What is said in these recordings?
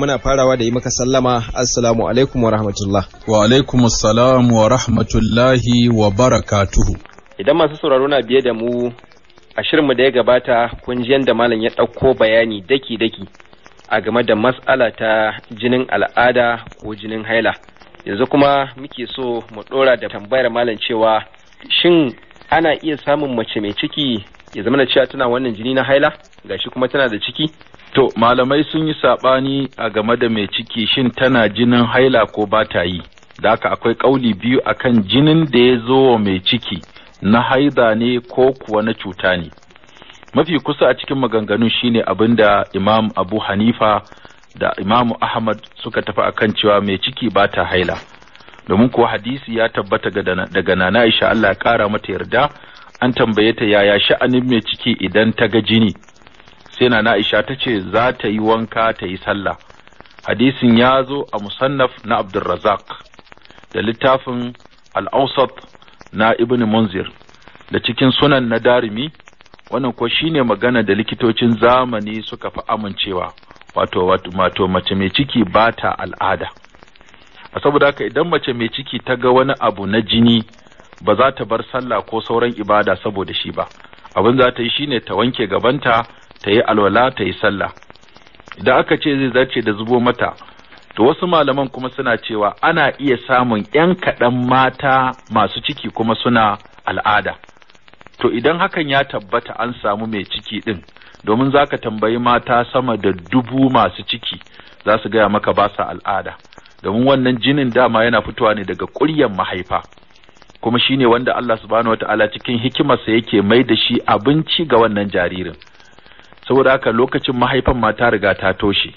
muna farawa da yi maka sallama assalamu alaikum wa rahmatullah wa alaikum assalam wa rahmatullahi wa barakatuhu idan masu sauraro na biye da mu a shirinmu da ya gabata kun ji yadda malam ya ɗauko bayani daki daki a game da mas'ala ta jinin al'ada ko jinin haila yanzu kuma muke so mu ɗora da tambayar malam cewa shin ana iya samun mace mai ciki ya zama da cewa tana wannan jini na haila gashi kuma tana da ciki To, malamai sun yi saɓani a game da mai ciki shin tana jinin haila ko ba ta yi, da haka akwai ƙauli biyu akan jinin da ya zo wa mai ciki na haida ne ko kuwa na cuta ne. Mafi kusa a cikin maganganu shine abin da Imam Abu Hanifa da Imam Ahmad suka tafi akan cewa mai ciki ba ta haila. Domin kuwa hadisi ya tabbata daga Nana Aisha Allah ya ƙara mata yarda, an tambaye ta yaya sha'anin mai ciki idan ta ga jini. sai na Aisha ta ce za ta yi wanka ta yi sallah hadisin ya zo a musannaf na Abdulrazak da littafin al-Awsat na Ibn Munzir da cikin sunan na Darimi wannan ko shine magana da likitocin zamani suka fi amincewa wato wato mace mai ciki ba ta al'ada a saboda haka idan mace mai ciki ta ga wani abu na jini ba za ta bar sallah ko sauran ibada saboda shi ba abin za ta yi shine ta wanke gabanta ta yi alwala ta yi sallah idan aka ce zai zarce da zubo mata to wasu malaman kuma suna cewa ana iya samun ‘yan kaɗan mata masu ciki kuma suna al'ada to idan hakan ya tabbata an samu mai ciki ɗin domin za ka tambayi mata sama da dubu masu ciki za su gaya maka ba sa al'ada domin wannan jinin dama yana fitowa ne daga ƙuryan mahaifa kuma shine wanda Allah subhanahu wataala cikin hikimarsa yake mai da shi abinci ga wannan jaririn saboda haka lokacin mahaifan mata riga ta toshe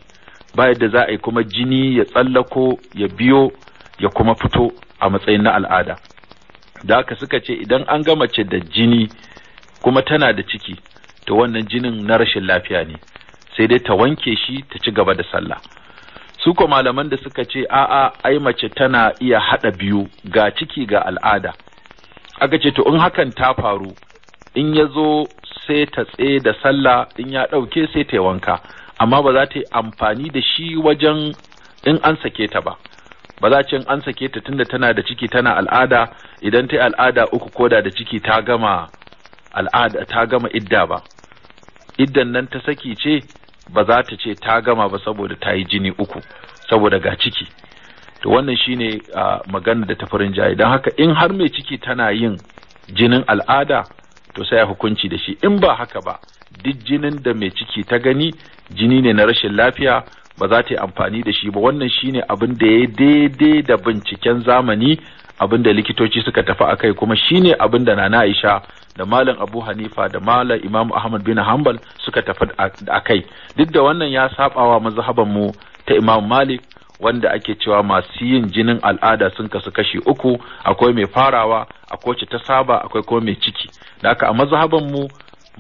ba yadda za a yi kuma jini ya tsallako ya biyo ya kuma fito a matsayin na al'ada da haka suka ce idan an ga mace da jini kuma tana da ciki to wannan jinin na rashin lafiya ne sai dai ta wanke shi ta ci gaba da sallah su ko malaman da suka ce a'a ai mace tana iya haɗa biyu ga ciki ga al'ada aka ce to in hakan ta faru in ya zo sai ta tse da sallah in ya ɗauke sai ta yi wanka amma ba za ta yi amfani da shi wajen in an sake ta ba ba za ce in an sake ta tunda tana da ciki tana al'ada idan ta yi al'ada uku ko da ciki ta gama al'ada ta gama idda ba iddan nan ta saki ce ba za ta ce ta gama ba saboda ta yi jini uku saboda ga ciki to wannan shine ah, magana da tafarin jayi don haka in har mai ciki tana yin jinin al'ada to sai a hukunci da shi in ba haka ba duk jinin da mai ciki ta gani jini ne na rashin lafiya ba za ta yi amfani da shi ba wannan shine abin da ya daidai da binciken zamani abin da likitoci suka tafi a kai kuma shine abin da nana Aisha da malam Abu Hanifa da malam Imam Ahmad bin Hanbal suka tafi a kai duk da wannan ya sabawa mazhaban mu ta Imam Malik wanda ake cewa masu yin jinin al'ada sun kasu kashi uku akwai mai farawa akwai ce ta saba akwai kuma mai ciki da haka a mazhaban mu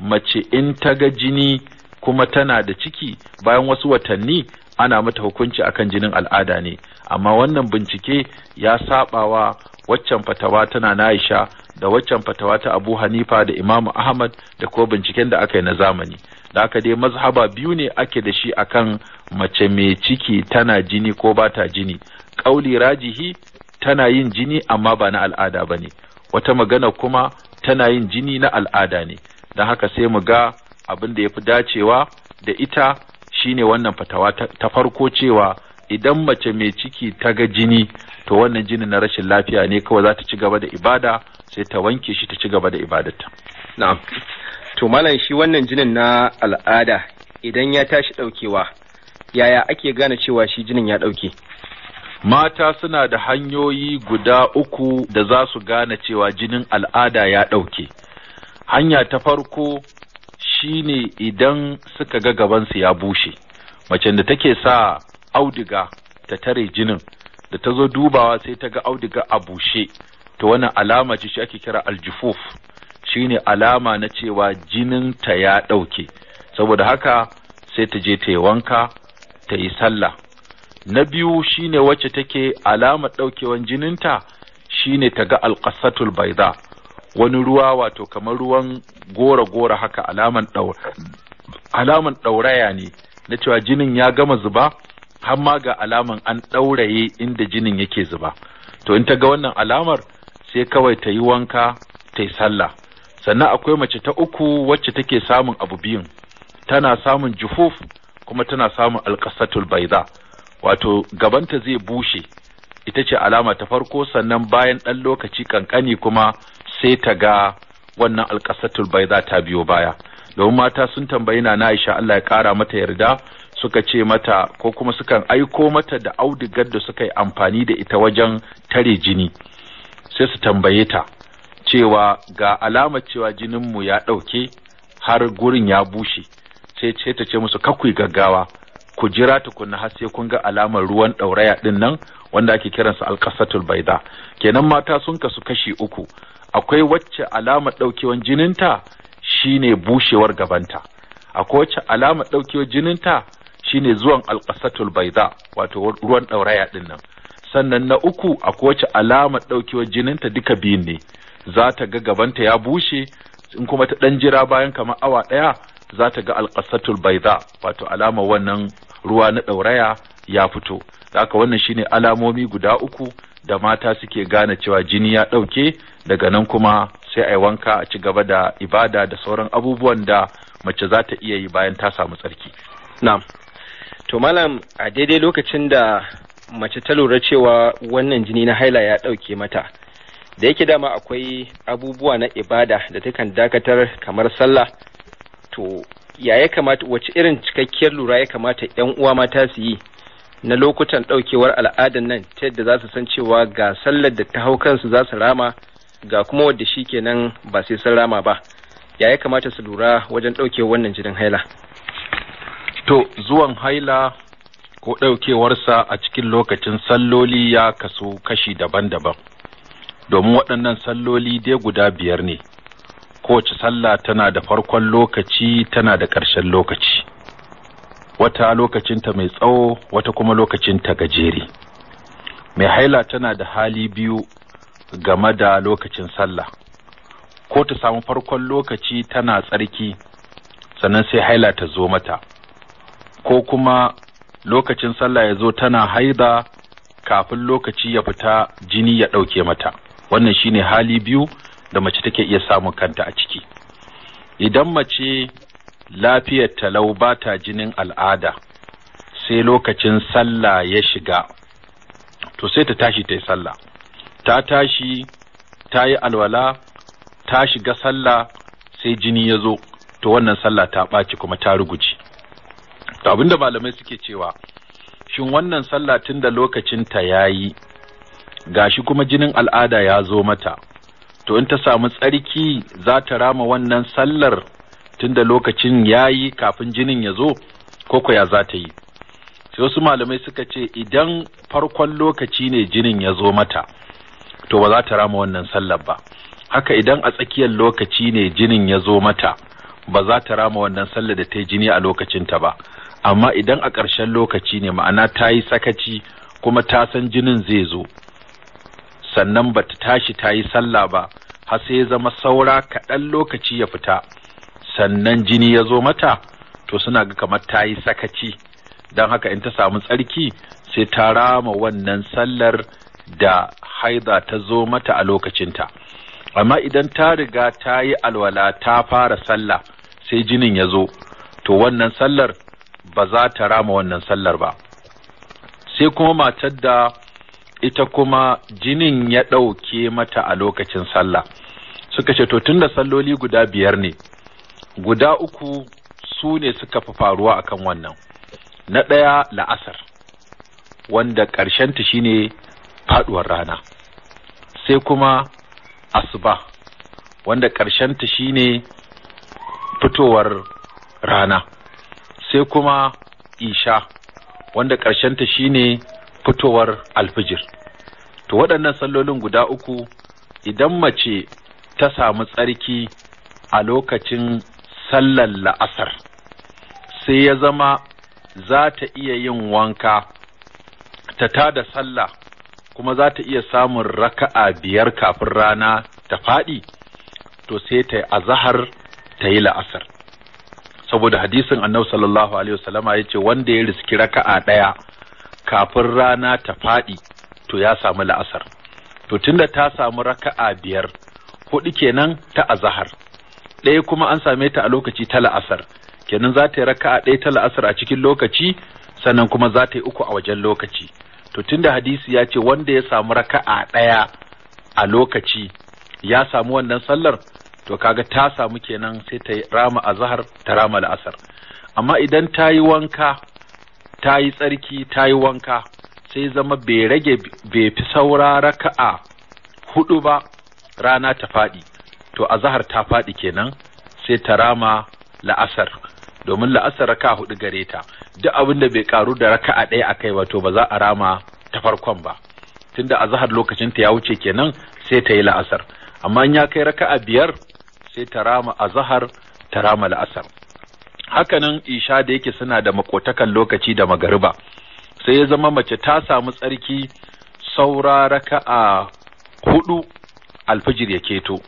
mace in ta ga jini kuma tana da ciki bayan wasu watanni ana mata hukunci akan jinin al'ada ne amma wannan bincike ya sabawa waccan fatawa tana na Aisha da waccan fatawa ta Abu Hanifa da Imam Ahmad da ko binciken da aka yi na zamani da aka dai mazhaba biyu ne ake da shi akan mace mai ciki tana jini ko ba ta jini ƙauli rajihi tana yin jini amma ba na al'ada ba ne wata magana kuma tana yin jini na al'ada ne don haka sai mu ga abin da ya fi dacewa da ita shine wannan fatawa ta farko cewa idan mace mai ciki ta ga jini to wannan jini na rashin lafiya ne kawai za ta ci gaba da ibada sai ta wanke shi ta ci gaba da ibadata. na'am to malam shi wannan jinin na al'ada idan ya tashi ɗaukewa, yaya ake gane cewa shi jinin ya ɗauke? mata suna da hanyoyi guda uku da za su gane cewa jinin al'ada ya ɗauke. hanya ta farko shine idan suka ga gabansu ya bushe macen da take sa Auduga ta tare jinin da ta zo dubawa sai ta ga auduga a bushe to wannan alama ce shi ake kira aljufuf shine alama na cewa jinin ta ya ɗauke saboda haka sai ta je ta yi wanka ta yi sallah na biyu shine wacce take alama ɗaukewan jininta shine ta ga alƙasatul baiza wani ruwa wato kamar ruwan gora-gora haka alaman ɗauraya ne na cewa jinin ya gama zuba har ma ga alaman an ɗauraye inda jinin yake zuba to in ta ga wannan alamar sai kawai ta yi wanka ta yi sallah sannan akwai mace ta uku wacce take samun abu biyun tana samun jufuf kuma tana samun alƙasatul baiza wato gabanta zai bushe ita ce alama ta farko sannan bayan ɗan lokaci ƙanƙani kuma sai ta ga wannan alƙasatul baiza ta biyo baya domin mata sun tambayi na Aisha Allah ya ƙara mata yarda suka ce mata ko kuma sukan aiko mata da audigar da suka yi amfani da ita wajen tare jini sai su tambaye ta cewa ga alama cewa jininmu ya ɗauke har gurin ya bushe sai ce ta ce musu kakwai gaggawa ku jira ta tukunna har sai kun ga alamar ruwan ɗauraya ɗin nan wanda ake kiransa alkasatul baida kenan mata sun kasu kashi uku akwai wacce alamar ɗaukewan jininta shine bushewar gabanta akwai wacce alamar ɗaukewar jininta shine zuwan alƙasatul baiza wato ruwan ɗauraya ɗin nan sannan na uku akwai wace alama ɗaukewar ta duka biyun ne za ta ga gabanta ya bushe in kuma ta ɗan jira bayan kamar awa ɗaya za ta ga alƙasatul baiza wato alama wannan ruwa na ɗauraya ya fito haka wannan shine alamomi guda uku da mata suke gane cewa jini ya ɗauke daga nan kuma sai a yi wanka a ci gaba da ibada da sauran abubuwan da mace za ta iya yi bayan ta samu tsarki. Na'am. To malam a daidai lokacin da mace ta lura cewa wannan jini na haila ya ɗauke mata, da yake dama akwai abubuwa na ibada da ta kan dakatar kamar sallah, to ya ya kamata wace irin cikakkiyar lura ya kamata ‘yan uwa mata su yi na lokutan ɗaukewar al'adan nan ta yadda za su san cewa ga sallar da ta hau kansu za su rama ga kuma wadda shi kenan ba sai sun rama ba, ya ya kamata su lura wajen ɗaukewar wannan jinin haila. To, zuwan haila ko ɗaukewarsa a cikin lokacin salloli ya kasu kashi daban-daban, domin waɗannan salloli dai guda biyar ne, kowace sallah tana da farkon lokaci tana da ƙarshen lokaci, wata lokacinta mai tsawo wata kuma lokacinta gajere. Mai haila tana da hali biyu game da lokacin sallah, ko ta samu farkon lokaci tana tsarki, sannan sai haila ta zo mata. ko kuma lokacin sallah ya zo tana haida kafin lokaci ya fita jini ya ɗauke mata wannan shine hali biyu da mace take iya samun kanta a ciki idan mace lafiyar talau ba ta jinin al'ada sai lokacin sallah ya shiga to sai ta tashi ta yi sallah ta tashi ta yi alwala ta shiga sallah sai jini ya zo to wannan sallah ta ɓaci kuma ta ruguci to abinda malamai suke cewa shin wannan sallah tun da lokacin ta yayi gashi kuma jinin al'ada ya zo mata to in ta samu tsarki za ta rama wannan sallar tun da lokacin yayi kafin jinin ya zo ko ya za ta yi sai wasu malamai suka ce idan farkon lokaci ne jinin ya zo mata to ba za ta rama wannan sallar ba haka idan a tsakiyar lokaci ne jinin ya zo mata ba za ta rama wannan sallar da ta yi jini a lokacin ta ba amma idan a ƙarshen lokaci ne ma'ana ta yi sakaci kuma ta san jinin zai zo sannan ba ta tashi ta yi sallah ba har sai ya zama saura kaɗan lokaci ya fita sannan jini ya zo mata to suna ga kamar ta yi sakaci don haka in ta samu tsarki sai ta rama wannan sallar da haida ta zo mata a lokacinta amma idan ta riga ta yi alwala ta fara sallah sai jinin ya zo to wannan sallar ba za ta rama wannan sallar ba sai kuma matar da ita kuma jinin ya ɗauke mata a lokacin sallah suka ce to tun da salloli guda biyar ne guda uku su ne suka fi faruwa akan wannan na ɗaya la'asar wanda ƙarshenta shine faɗuwar rana sai kuma asuba wanda ƙarshenta shine fitowar rana sai kuma isha wanda ƙarshenta shine fitowar alfijir to waɗannan sallolin guda uku idan mace ta samu tsarki a lokacin sallar la'asar sai ya zama za ta iya yin wanka ta tada sallah kuma za ta iya samun raka'a biyar kafin rana ta faɗi to sai ta yi azahar ta yi la'asar saboda hadisin annabi sallallahu alaihi wasallama ya ce wanda ya riski raka'a ɗaya kafin rana ta faɗi to ya samu la'asar to tunda ta samu raka'a biyar hudu kenan ta azahar ɗaya kuma an same ta a lokaci ta la'asar kenan za ta yi raka'a ɗaya ta la'asar a cikin lokaci sannan kuma za ta yi uku a wajen lokaci to tunda hadisi ya ce wanda ya samu raka'a ɗaya a lokaci ya samu wannan sallar to kaga ta samu kenan sai ta rama zahar ta rama la'asar amma idan ta yi wanka ta yi tsarki ta yi wanka sai zama bai rage bai fi saura raka'a hudu ba rana ta faɗi to azahar ta faɗi kenan sai ta rama la'asar domin la'asar raka hudu gare ta duk abin da bai karu da raka'a ɗaya akai ba to ba za a rama ta farkon ba tunda azahar lokacin ta ya wuce kenan sai ta yi la'asar amma in ya kai raka'a biyar sai ta rama zahar ta rama la'asar hakanan isha da yake suna da makotakan lokaci da magariba sai ya zama mace ta samu tsarki saura a hudu alfijir ya keto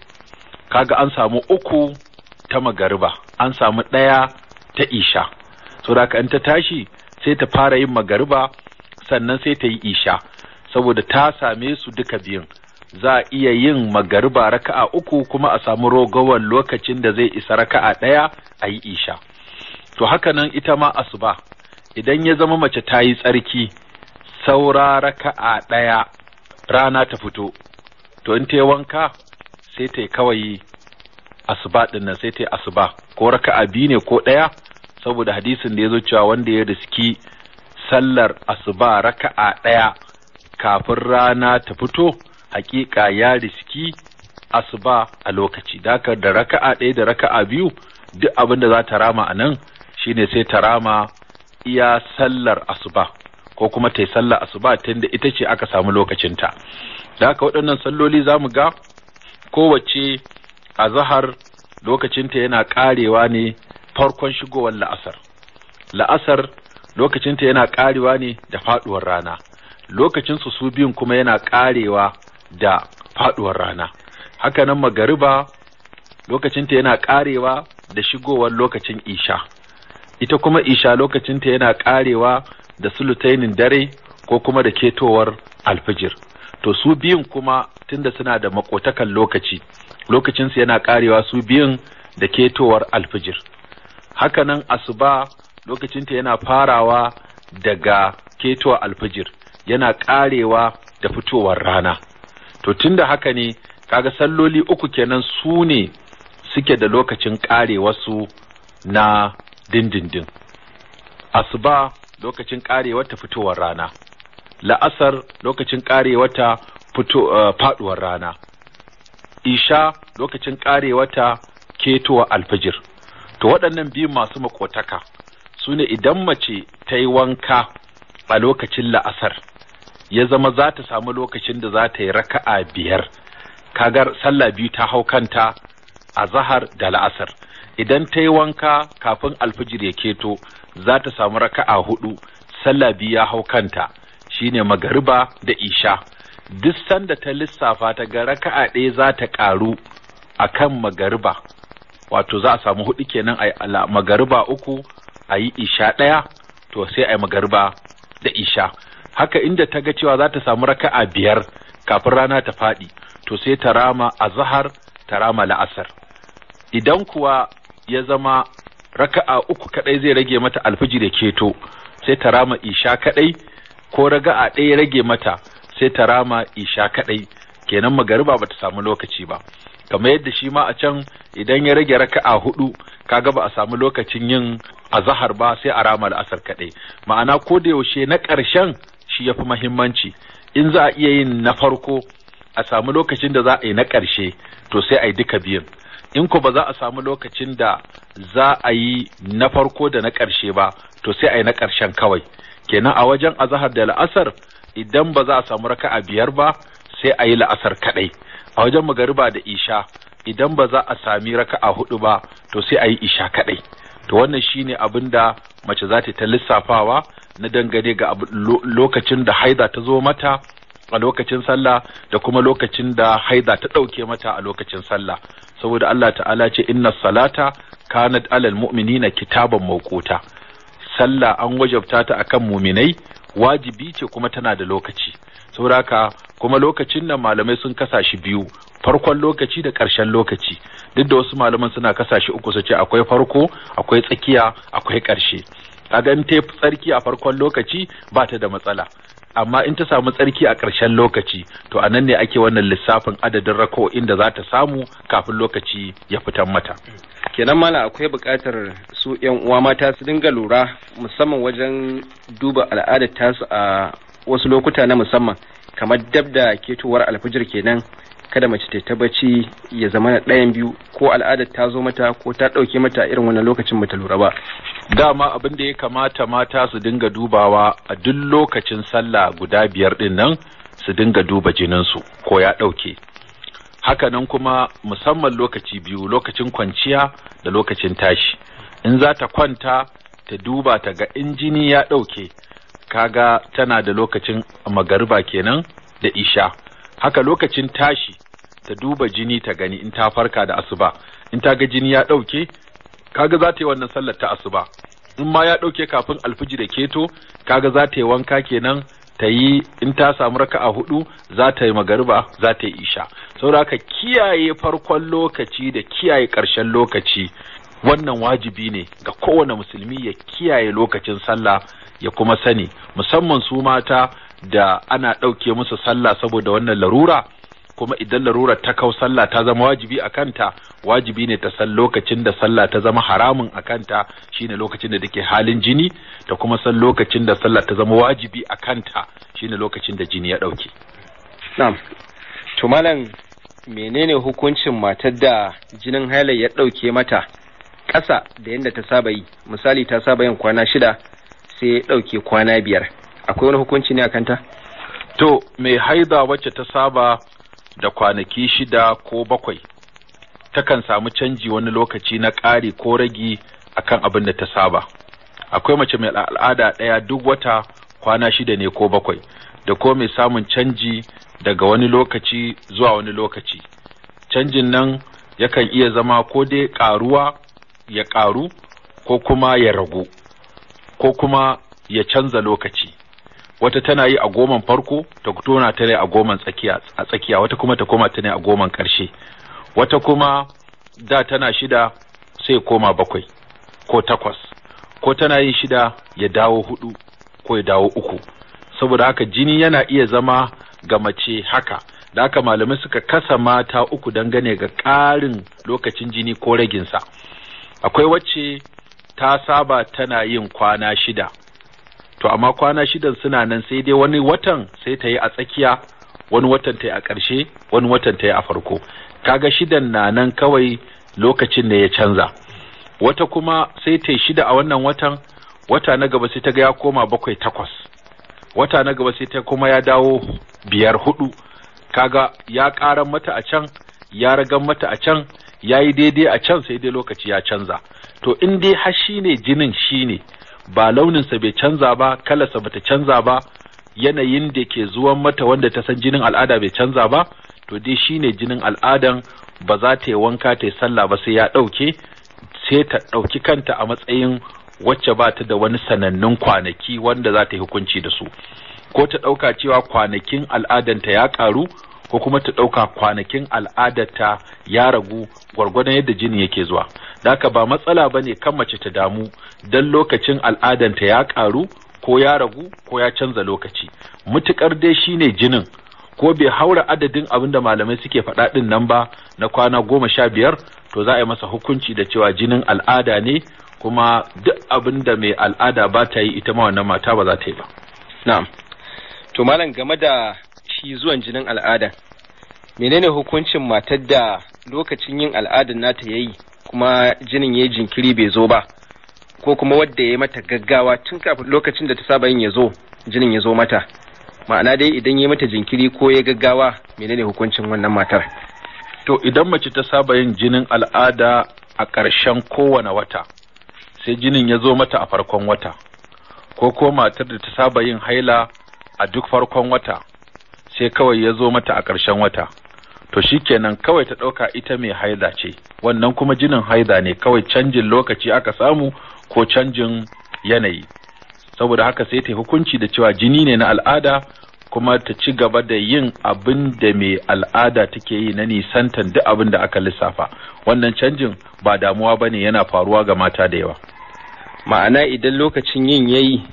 kaga an samu uku ta magariba an samu ɗaya ta isha saboda in ta tashi sai ta fara yin magariba sannan sai ta yi isha saboda ta same su duka biyun za a iya yin magariba raka'a uku kuma a samu rogowar lokacin da zai isa raka'a ɗaya a yi isha to haka nan ita ma asuba idan ya zama mace ta yi tsarki saura raka'a ɗaya rana ta fito to in ta yi wanka sai ta yi kawai asuba ɗin nan sai ta yi asuba ko raka'a biyu ne ko ɗaya saboda hadisin da ya zo cewa wanda ya riski sallar asuba raka'a ɗaya kafin rana ta fito Haƙiƙa ya riski asuba a lokaci dakar da raka'a ɗaya da raka'a biyu duk abin da za ta rama a nan shine sai ta rama iya sallar asuba ko kuma ta yi sallar asuba tunda ita ce aka samu lokacinta da waɗannan salloli za mu ga kowace a zahar lokacinta yana ƙarewa ne farkon shigowar la'asar la'asar lokacinta yana ƙarewa ne da faɗuwar rana lokacin su su biyun kuma yana ƙarewa da faduwar rana hakanan magariba lokacinta yana karewa da shigowar lokacin isha ita kuma isha lokacinta yana karewa da sulutainin dare ko kuma da ketowar alfijir to su biyun kuma tunda suna da makotakan lokaci lokacinsu yana karewa su biyun da ketowar alfijir hakanan asuba lokacinta yana farawa daga ketowar alfijir yana karewa da fitowar rana to tun da haka ne kaga salloli uku kenan su ne suke da lokacin kare wasu na dindindin asuba lokacin kare ta fitowar rana la'asar lokacin kare ta eh, faduwar rana isha lokacin kare ta ketowa alfijir to waɗannan biyu masu makotaka su ne idan mace ta yi wanka a lokacin la'asar ya zama za ta samu lokacin da za ta yi raka'a biyar kagar sallah biyu ta hau kanta a zahar da la'asar idan ta yi wanka kafin alfijir ya keto za ta samu raka'a hudu sallah biyu ya hau kanta shine magariba da isha duk sanda ta lissafa ta ga raka'a ɗaya za ta ƙaru a kan magariba wato za a samu hudu kenan a magariba uku a yi isha ɗaya to sai a yi magariba da isha haka inda ta ga cewa za ta samu raka'a biyar kafin rana ta faɗi to sai ta rama azhar ta rama la'asar idan kuwa ya zama raka'a uku kadai zai rage mata alfiji da keto sai ta rama isha kadai ko raga'a ɗaya rage mata sai ta rama isha kadai kenan magariba ba ta samu lokaci ba kamar yadda shi ma a can idan ya rage raka'a hudu kaga ba a samu lokacin yin azahar ba sai a rama al'asar kaɗai ma'ana ko da yaushe na ƙarshen shi ya fi mahimmanci in za a iya yin na farko a samu lokacin da za a yi na ƙarshe to sai a yi duka biyun in ko ba za a samu lokacin da za a yi na farko da na ƙarshe ba to sai a yi na ƙarshen kawai kenan a wajen azahar da la'asar idan ba za a samu a biyar ba sai a yi la'asar kaɗai a wajen magariba da isha idan ba za a sami raka a hudu ba to sai a yi isha kaɗai to wannan shine abin da mace za ta ta lissafawa na dangane ga lokacin da haida ta zo mata a lokacin sallah da kuma lokacin da haida ta ɗauke mata a lokacin sallah saboda Allah ta'ala ce inna salata kanat alal mu'minina kitaban mawquta sallah an wajabta ta akan muminai wajibi ce kuma tana da lokaci saboda haka kuma lokacin nan malamai sun kasa shi biyu farkon lokaci da ƙarshen lokaci duk da wasu malaman suna kasashe uku su ce akwai farko akwai tsakiya akwai ƙarshe kaga in ta tsarki a farkon lokaci ba ta da matsala amma in ta samu tsarki a ƙarshen lokaci to a nan ne ake wannan lissafin adadin rako'in da za ta samu kafin lokaci ya fitan mata kenan mana akwai buƙatar su yan uwa mata su dinga lura musamman wajen duba al'adar tasu a wasu lokuta na musamman kamar dab da ketowar alfijir kenan kada mace ta tabbaci ya zama na ɗayan biyu ko al'adar ta zo mata ko ta ɗauke mata irin wannan lokacin bata lura ba. Dama abin da ya kamata mata su dinga dubawa a duk lokacin sallah guda biyar ɗin nan su dinga duba jinin su ko ya ɗauke. Hakanan kuma musamman lokaci biyu lokacin kwanciya da lokacin tashi. In za ta kwanta ta duba ta ga in jini ya ɗauke kaga tana da lokacin magariba kenan da isha. haka lokacin tashi ta duba jini ta gani in ta farka da asuba in ta ga jini ya ɗauke kaga za ta yi wannan sallar ta asuba in ma ya ɗauke kafin alfiji da keto kaga za ta yi wanka kenan ta yi in ta samu a hudu za ta yi magariba za ta yi isha saboda haka kiyaye farkon lokaci da kiyaye ƙarshen lokaci wannan wajibi ne ga kowane musulmi ya kiyaye lokacin sallah ya kuma sani musamman su mata da ana ɗauke musu sallah saboda wannan larura kuma idan larurar ta kau sallah ta zama wajibi a kanta wajibi ne ta san lokacin da sallah ta zama haramun a kanta shine lokacin da take halin jini ta kuma san lokacin da sallah ta zama wajibi a kanta shine lokacin da jini ya ɗauke. tumalan menene hukuncin matar da jinin haila ya ɗauke mata ƙasa da yadda ta saba yi misali ta saba yin kwana shida sai ya ɗauke kwana biyar akwai wani hukunci ne akan ta to mai haida wacce ta saba da kwanaki shida ko bakwai takan samu canji wani lokaci na ƙari ko ragi akan abin da ta saba akwai mace mai al'ada ɗaya duk wata kwana shida ne ko bakwai da ko mai samun canji daga wani lokaci zuwa wani lokaci canjin nan yakan iya zama ko dai ƙaruwa ya ƙaru ko kuma ya ragu ko kuma ya canza lokaci wata tana yi a goman farko ta tona ta ne a goman tsakiya a tsakiya wata kuma ta koma ta ne a goman karshe wata kuma da tana shida sai koma bakwai ko takwas ko tana yin shida ya dawo hudu ko ya dawo uku saboda haka jini yana iya zama ga mace haka da haka malamai suka kasa mata uku dangane ga ƙarin lokacin jini ko raginsa akwai wacce ta saba tana yin kwana shida to amma kwana shidan suna nan sai dai wani watan sai ta yi a tsakiya wani watan ta yi a ƙarshe wani watan ta yi a farko kaga shidan na nan kawai lokacin da ya canza wata kuma sai ta yi shida a wannan watan wata na gaba sai ta ga ya koma bakwai takwas wata na gaba sai ta kuma ya dawo biyar hudu kaga ya ƙaran mata a can ya ragan mata a can ya yi daidai a can sai dai lokaci ya canza to in dai har shi ne jinin shi ne ba launinsa bai canza ba kalarsa bata canza ba yanayin da ke zuwan mata wanda ta san jinin al'ada bai canza ba to dai shine jinin al'adan ba za ta yi wanka ta yi sallah ba sai ya ɗauke sai ta ɗauki kanta a matsayin wacce ba ta da wani sanannun kwanaki wanda za ta yi hukunci da su ko ta ɗauka cewa kwanakin al'adanta ya ƙaru ko kuma ta ɗauka kwanakin al'adarta ya ragu gwargwadon yadda jini yake zuwa da daka ba matsala ba ne kan mace ta damu don lokacin al'adanta ya ƙaru ko ya ragu ko ya canza lokaci mutuƙar dai shi ne jinin ko bai haura adadin abin da malamai suke faɗa ɗin nan ba na kwana goma sha biyar to za a yi masa hukunci da cewa jinin al'ada ne kuma duk abin da mai al'ada ba ta yi ita ma wannan mata ba za ta yi ba na'am to malam game da shi zuwan jinin al'ada menene hukuncin matar da lokacin yin al'adar nata yayi kuma jinin yayi jinkiri bai zo ba ko kuma wadda ya mata gaggawa tun kafin lokacin da ta saba yin ya zo jinin ya zo mata ma'ana dai idan ya mata jinkiri ko ya gaggawa menene hukuncin wannan matar to idan mace ta saba yin jinin al'ada a ƙarshen kowane wata sai jinin ya zo mata a farkon wata ko ko matar da ta saba yin haila a duk farkon wata sai kawai ya zo mata a ƙarshen wata to shikenan kawai ta ɗauka ita mai haida ce wannan kuma jinin haida ne kawai canjin lokaci aka samu ko canjin yanayi saboda haka sai ta hukunci da cewa jini ne na al'ada kuma ta ci gaba da yin abin da mai al'ada take yi na nisantan duk abin da aka lissafa wannan canjin ba damuwa ba ne yana faruwa ga mata da yawa ma'ana idan lokacin yin yayi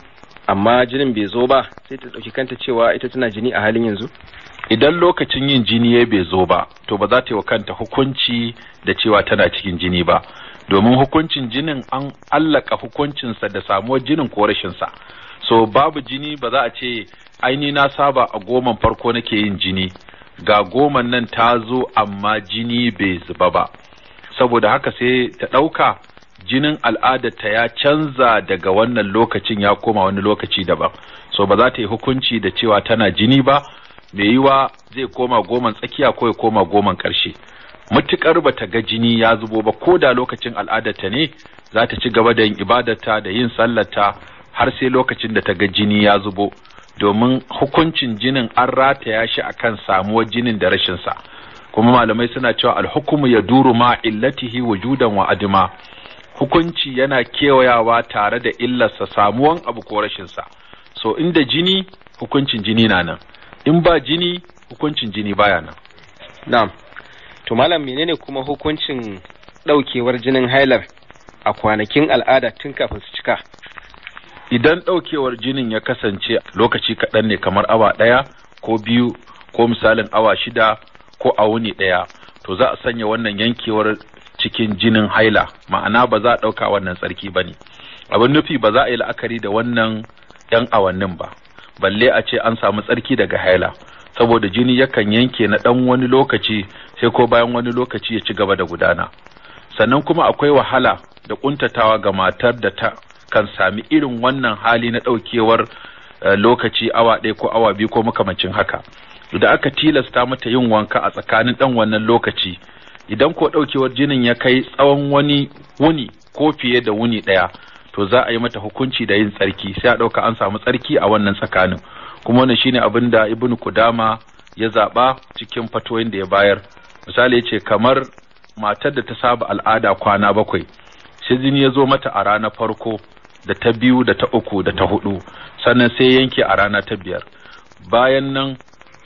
amma jinin bai zo ba sai ta ɗauki kanta cewa ita tana jini a halin yanzu idan lokacin yin jini ya bai zo ba to ba za ta yi wa kanta hukunci da cewa tana cikin jini ba domin hukuncin jinin an allaka hukuncinsa da samuwar jinin ko rashinsa so babu jini ba za a ce aini na saba a goman farko nake yin jini ga goman nan ta zo amma jini bai zuba ba saboda haka sai ta ɗauka jinin al'ada ta ya canza daga wannan lokacin ya koma wani lokaci daban so ba za ta yi hukunci da cewa tana jini ba mai yiwa zai koma goman tsakiya ko ya koma goman ƙarshe mutukar ba ta ga jini ya zubo ba ko da lokacin al'adarta ne za ta ci gaba da yin ibadarta da yin sallarta har sai lokacin da ta ga jini ya zubo domin hukuncin jinin an rataya shi akan samuwar jinin da rashinsa kuma malamai suna cewa alhukumu ya duru ma illatihi wujudan wa adima hukunci yana kewayawa tare da illarsa samuwan abu ko rashinsa so inda jini hukuncin jini na nan in ba jini hukuncin jini baya nan na'am to malam menene kuma hukuncin daukewar jinin hailar a kwanakin al'ada tun kafin su cika idan daukewar jinin ya kasance lokaci kaɗan ne kamar awa ɗaya ko biyu ko misalin awa shida ko a wuni ɗaya to za a sanya wannan yankewar cikin jinin haila ma'ana ba za a ɗauka wannan tsarki ba ne abin nufi ba za a yi la'akari da wannan 'yan awannin ba balle a ce an samu tsarki daga haila saboda jini yakan yanke na ɗan wani lokaci sai ko bayan wani lokaci ya ci gaba da gudana sannan kuma akwai wahala da ƙuntatawa ga matar da ta kan sami irin wannan hali na ɗaukewar eh, lokaci awa ɗaya ko awa biyu ko makamancin haka da aka tilasta mata yin wanka a tsakanin ɗan wannan lokaci idan ko ɗaukewar jinin ya kai tsawon wani wuni ko fiye da wuni ɗaya to za a yi mata hukunci da yin tsarki sai a ɗauka an samu tsarki a wannan tsakanin kuma wannan shine abin da ibnu kudama ya zaɓa cikin fatoyin da ya bayar misali ya ce kamar matar da ta saba al'ada kwana bakwai sai jini ya zo mata a rana farko da ta biyu da ta uku da ta hudu sannan sai yanke a rana ta biyar bayan nan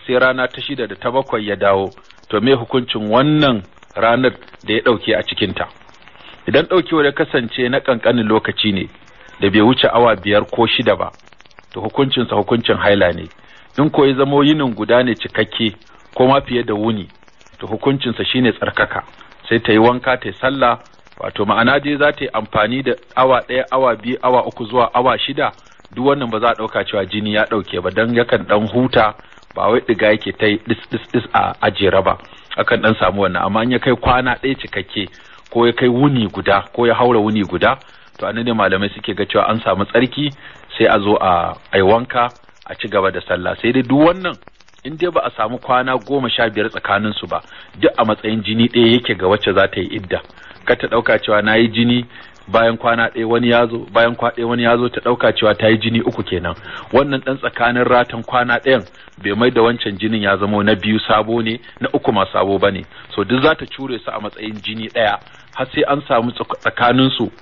sai rana ta shida da ta bakwai ya dawo to me hukuncin wannan ranar da ya ɗauke a cikinta idan ɗaukewar ya kasance na ƙanƙanin lokaci ne da bai wuce awa biyar ko shida ba to hukuncinsa hukuncin haila ne in ko ya zamo yinin guda ne cikakke ko ma fiye da wuni to hukuncinsa shine tsarkaka sai ta yi wanka ta yi sallah wato ma'ana dai za ta yi amfani da awa ɗaya awa biyu awa uku zuwa awa shida duk wannan ba za a ɗauka cewa jini ya ɗauke ba don yakan ɗan huta ba wai ɗiga yake ta yi ɗis ɗis a ajera ba akan ɗan samu wannan amma in ya kai kwana ɗaya cikakke ko ya kai wuni guda ko ya haura wuni guda to anan ne malamai suke ga cewa an samu tsarki sai a zo a ai wanka a ci gaba da sallah sai dai duk wannan in dai ba a samu kwana goma sha biyar tsakanin su ba duk a matsayin jini ɗaya yake ga wacce za ta yi idda Ka ta ɗauka cewa na yi jini bayan kwana ɗaya wani ya zo bayan ɗaya wani ya zo ta ɗauka cewa ta yi jini uku kenan wannan ɗan tsakanin ratan kwana ɗayan bai mai da wancan jinin ya zamo na biyu sabo ne na uku ma sabo ba ne so duk za ta cure su a matsayin jini ɗaya har sai an samu tsakanin su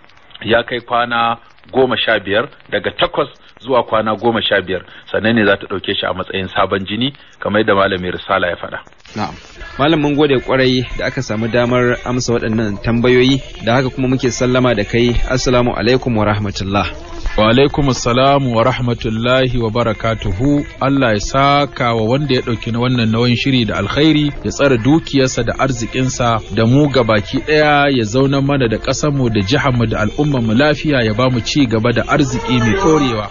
ya kai kwana goma sha biyar daga takwas zuwa kwana goma sha biyar sannan ne za ta ɗauke shi a matsayin sabon jini kamar yadda malamin risala ya faɗa. Na'am. Malam mun gode kwarai da aka samu damar amsa waɗannan tambayoyi da haka kuma muke sallama da kai assalamu alaikum wa rahmatullah. Wa alaikum assalamu wa rahmatullahi wa barakatuhu Allah ya saka wa wanda ya ɗauki na wannan nawan shiri da alkhairi ya tsara dukiyarsa da arzikinsa da mu ga baki ɗaya ya zauna mana da ƙasarmu da jiharmu da al'ummarmu lafiya ya ba mu ci gaba da arziki mai ɗorewa.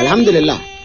الحمد لله